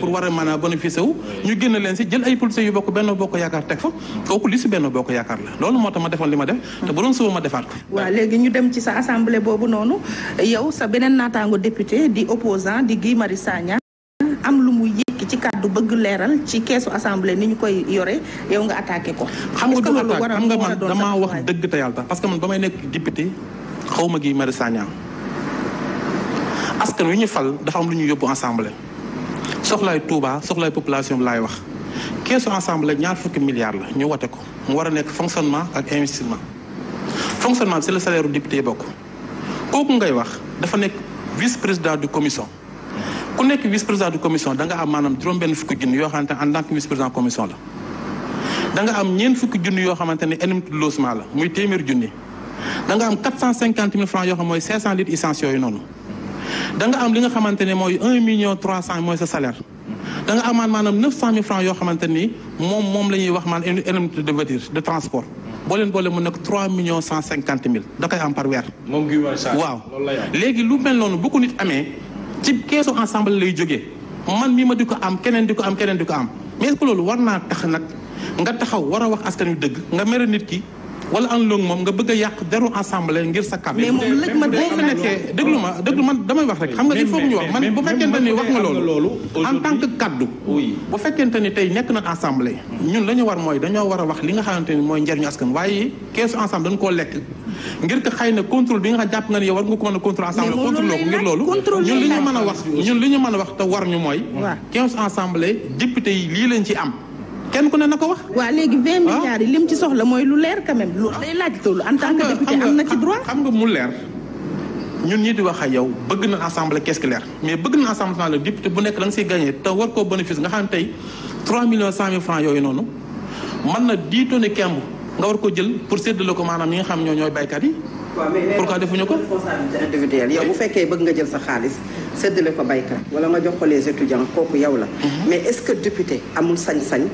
pour war a mën a bénéficier wu ñu génn leen si jël ay policiers yu bokk benn bokk yaakaar teg fa kooku li si benn bokk yaakaar la loolu moo tax ma defoon li ma def te bu doon suba ma defaat ko waaw léegi ñu dem ci sa assemblée boobu noonu yow sa beneen naataango député di opposant di Guy Marius Sagna am lu mu yëkki ci kàddu bëgg leeral ci keesu assemblée ni ñu koy yore yow nga attaqué ko xam nga du attaque xam nga man damaa wax dëgg te yàlla tax parce que man ba may nekk député xaw ma Guy Marius Sagna wi ñu fal dafa am lu ñu yóbbu assemblée soxlaay Touba soxlaay population bi laay wax keesu ensemble ñaar fukki milliards la ñu wote ko mu war a nekk fonctionnement ak investissement fonctionnement bi c'est le salaire du député bokk kooku ngay wax dafa nekk vice président du commission ku nekk vice président du commission da nga am maanaam juróom fukki junni yoo xamante ne en tant vice président commission la da am ñeent fukki junni yoo xamante ne indemnité de logement la muy téeméer junni da danga am li nga xamante ne mooy un million trois cent mooy sa salaire da nga amaan maanaam neuf cent mille francs yoo xamante ni moom moom la ñuy wax maan indemnité de voiture de transport boo leen boole mu nekk trois millions cent cinquante mille da koy am par weer waaw léegi lu mel noonu boo ko nit amee ci keesu ensemble lay jógee man mii ma di ko am keneen di ko am keneen di ko am mais est loolu war naa tax nag nga taxaw war a wax askan wi dëgg nga mere nit ki wala en longue moom nga bëgg a yàq deru assemblée ngir sa kam mais moom lëj man boo fa nekkee déglu ma déglu man damay wax rek xam nga il faut ñu wax man bu fekkente wax nga loolu en tant que kaddu bu fekkente tey nekk na assemblée ñun la ñu war mooy dañoo war a wax li nga xamante ni mooy njariñu askan waaye keesu ensemble dañu koo lekk ngir ko xëy na contrôle bi nga xam jàpp nga ni yow war nga ko mën a contrôle ensemble contrôle ko ngir loolu ñun li ñu mën a wax ñun li ñu mën a wax te war ñu mooy keesu ensemble député yi lii lañ ci am kenn ku ne na ko wax. waa léegi vingt ah. milliards yi lim ci soxla mooy lu leer quand même. loolu day en tant que député na ci droit. xam nga leer ñun ñii di wax ak yow bëgg na assemblée qu'est-ce mais bëgg na assemblée naa la député bu nekk da siy gagné te war koo bénéfice nga xam ne tey 3 millions 100 yooyu noonu mën na diitoo ne kemb nga war ko jël pour séddale ko maanaam ñi nga xam ñoo ñooy baykat yi. pourquoi defuñu ko responsabilité individuelle yow bu fekkee bëgg nga jël sa xaalis séddale ko baykat wala nga jox ko les étudiants kooku yow la mhm. mais est-ce que député amul sañ-sañ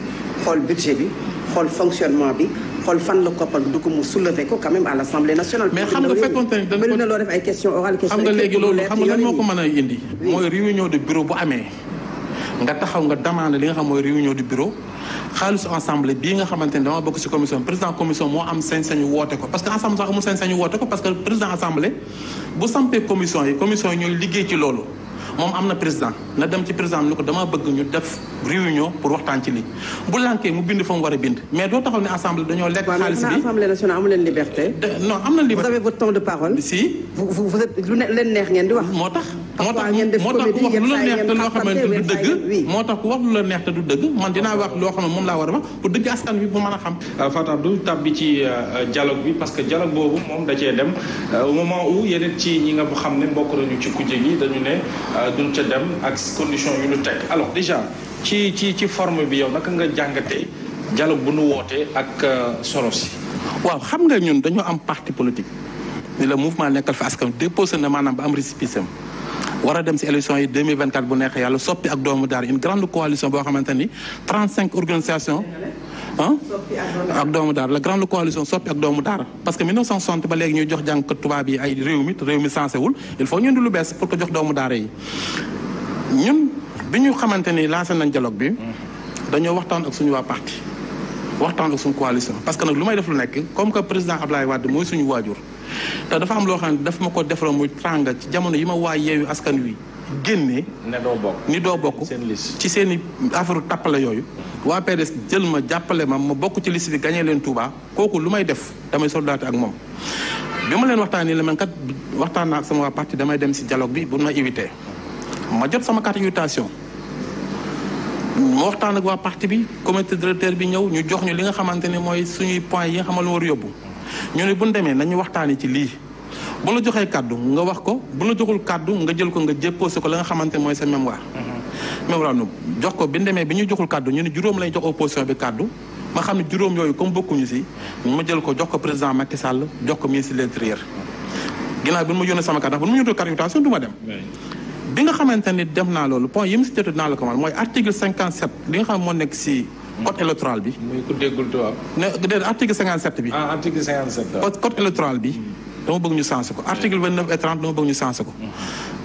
xool budget bi xool fonctionnement bi xool fan la koppar dugg mu ko mais xam nga fekkoon tamit dañ ko bëri na loo def ay questions orales. questions xam nga léegi loolu xam nga lan moo ko mën a indi. mooy réunion de bureau bu amee. nga taxaw nga demande li nga xam mooy réunion du bureau xaalisu assemblée bii nga xamante ne dama bokk ci commission président commission moo am sañ-sañu woote ko parce que ensemble sax amul sañ-sañu woote ko parce président assemblée bu sampee commission yi commission yi ñooy liggéey ci loolu. moom am na président na dem ci président ni ko dama bëgg ñu def réunion pour waxtaan ci lii bu lànkee mu bind fa mu war a bind mais doo taxaw ne assemblée dañoo lekk xaalis bi leen liberté. non am na ngeen di wax. moo tax moo tax moo tax ku wax lu tax ku wax lu la man dinaa wax loo xam ne moom laa war a wax pour dëgg askan bi bu mën a xam. Euh, Fatou du tab bi ci euh, euh, dialogue bi parce que dialogue boobu moom da cee dem au moment où yeneen ci ñi nga xam ne bokk nañu ci kujje gi dañu ne Euh, duñ ca dem ak condition yu ñu teg alors déjà ci ci ci forme bi yow naka nga jàngatee dialogue bu nu wootee ak euh, Soros waaw xam nga ñun dañoo am parti politique ni la mouvement nekkal fi askan déposé na maanaam ba am récépissé war a dem si élection yi bu neexee yàlla soppi ak doomu daara une grande coalition boo xamante ni 35 organisations ah ak doomu daara la grande coalition soppi ak doomu daara parce que 1960 ba léegi ñuy jox jàngkat tubaab yi ay réew mi réew mi sensé il faut ñu indi lu bees pour ko jox doomu daara yi ñun bi ñu xamante ni lancé nañ dialogue bi dañoo waxtaan ak suñu waa parti waxtaan ak suñu coalition parce que nag lu may def lu nekk comme que président Ablaye Wade mooy suñu waajur te dafa am loo xam ne daf ma ko defara muy trànga ci jamono yi ma waa yeewu askan wi génne. ne doo bokk ni doo bokk. ci seen i affaire tappale yooyu. waa PDS jël ma jàppale ma ma bokk ci liste bi gagné leen Touba kooku lu may def damay soldaate ak moom. bi ma leen waxtaanee la man waxtaan naa ak sama waa parti damay dem si dialogue bi bu ma invité. ma jot sama carte invitation. ma waxtaan ak waa parti bi comité directeur bi ñëw ñu jox ñu li nga xamante ne mooy suñuy point yi nga xamal war yóbbu. ñu ne bu ñu demee nañu waxtaanee ci lii. bu la joxee kàddu nga wax ko bu la joxul kàddu nga jël ko nga déposé ko la nga xamante mooy sa mémoire. Mhm. mémoire jox ko bi ñu demee bi ñu joxul kàddu ñu ne juróom lañ jox opposition bi kàddu ma xam ne juróom yooyu comme bokkuñu si ma jël ko jox ko président Macky Sall jox ko ministre de l'intérieur. ginnaaw bi nu ma yónnee sama kàddu ndax bu nu ma yónnee carrémentation du ma dem. bi nga xamante ni def naa loolu point yi mu si jot dinaa la ko mal mooy article moo nekk si. code électoral bi. muy ku déggul tubaab. ne déedéet article 57 bi. Ah, dama bëgg ñu sensé ko article neuf et trente dama bëgg ñu sensé ko.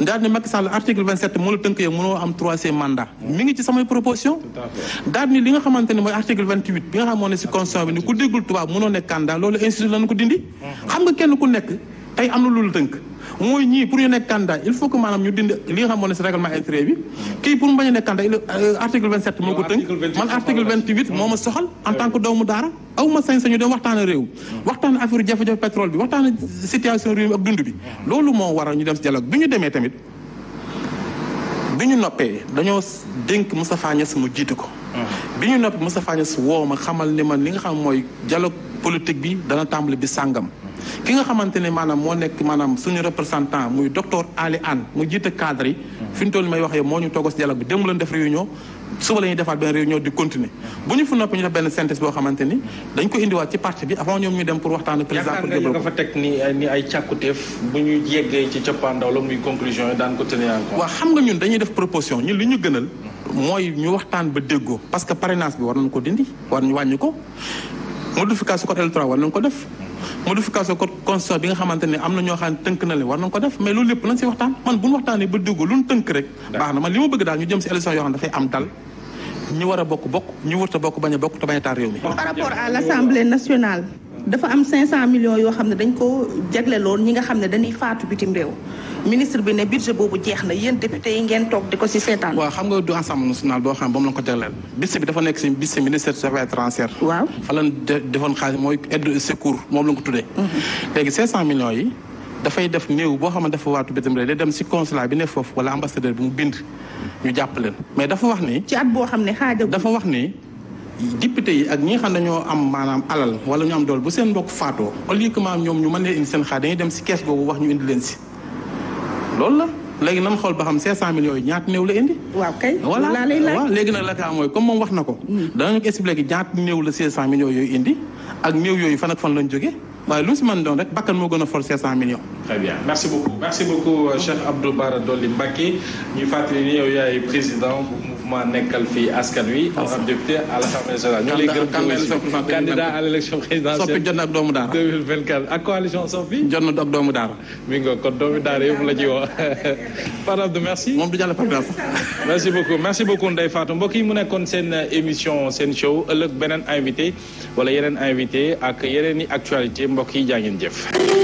daal ni Macky Sall article moo la tënk yow mënoo am troisième mandat. mi ngi ci samay proposition daal ni li nga xamante ne mooy article bi nga xam moo ne si ni ku déggul tubaab mënoo nekk candidat loolu institut lañu ko dindi. xam nga kenn ku nekk. tey am na loolu tënk mooy ñii pour ñu nekk candidat il faut que maanaam ñu dindi li nga xam moo ne si règlement intérieur bi kii pour mu bañ a nekk candidat euh, article 27 moo ko tënk man article moo ma soxal en doomu daara aw ma sañ-sañu dem waxtaana réew waxtaan affaire jafe-jafe pétrole bi waxtaana situation réew mi ak dund bi loolu moo waral ñu dem si dialogue bi ñu demee tamit bi ñu noppee dañoo dénk Moustapha Niass mu jiite ko bi ñu noppee Moustapha Niass woo ma xamal ni man li nga xam mooy dialogue politique bi dana tàmbali bi sàngam ki nga xamante ne maanaam moo nekk maanaam suñu représentant muy docteur Ali Anne mu jiite cadre yi. Mm. fi ñu toll may waxee moo ñu toog si dialogue bi démb lañ def réunion suba la ñuy defaat benn réunion di continuer mm. bu ñu fa noppi ñu def benn synthèse boo xamante ni mm. dañ ko indiwaat ci parti bi avant ñoom ñu dem pour waxtaan ak président pour développé nga fa ñu ci cappaandaw la muy conclusion yi daan ko tenir en compte. waaw ñun dañuy def proposition ñun li ñu gënal. mooy ñu waxtaan ba déggoo parce que parrainage bi war nañ ko dindi war ñu wàññi ko modification code électoral war nañ ko def modification code constitution bi nga xamante ne am na ñoo xam ne tënk na leen war nañ ko def mais loolu lépp nañ si waxtaan man bu ñu waxtaanee ba dégg lu ñu tënk rek. baax na man li ma bëgg daal ñu jëm si élection yoo xam ne dafay am dal. ñu war a bokk bokk ñu a bokk te a taal réew mi. par rapport à l' assemblée nationale. dafa am 500 millions yoo xam ne dañ ko jagleloon ñi nga xam ne dañuy faatu bitim réew. ministre bi ne budget boobu jeex na yéen député yi ngeen toog di ko ci seetaan. waaw xam nga du ensemble national boo xam ne moom la ko jagleel. bis bi dafa nekk ci bis ministère des affaires la defoon xaalis mooy aide secours moom la ko tuddee. Mm-hmm. léegi 500 millions yi. dafay def néew boo xam ne dafa waatu bitim réew day dem ci consulat bi ne foofu wala ambassadeur bi mu bind ñu jàpp leen mais dafa wax ni. ci at boo xam ne xaajagul dafa wax ni. député yi ak ñi xam ne dañoo am maanaam alal wala ñu am dool bu seen mbokk faatoo au ñoom ñu mën wax ñu indi leen ci. loolu la léegi nan xool ba xam 500 millions yi ñaata néew la indi. waaw kay laa lay laaj léegi nag la kaa comme moom wax na ko. Hmm. danañ ko expliqué ñaata néew la 500 millions yooyu indi ak néew yooyu fan ak fan lañ jógee. waaye lu si mën rek bakkan moo gën a for 500 millions. très bien merci beaucoup merci beaucoup euh, Cheikh Abdou Bara Dolly Mbacké ñu fàttali ni yow yaay président maa nekkal fi askan wi. am député à l'Assemblée nationale. ñu ngi lay gërëm candidat à l'élection présidentielle soppi jot na ak doomu daara ak coalition jot na ak doomu daara. mi nga kon doomu daara yëpp la ci woo Fatou merci. moom du jàll par merci beaucoup merci beaucoup Ndeye Fatou mbokk yi mu nekkoon sen émission seen show ëllëg beneen invité wala yeneen invité ak yeneen i actualité mbokk yi jaa ngeen jëf.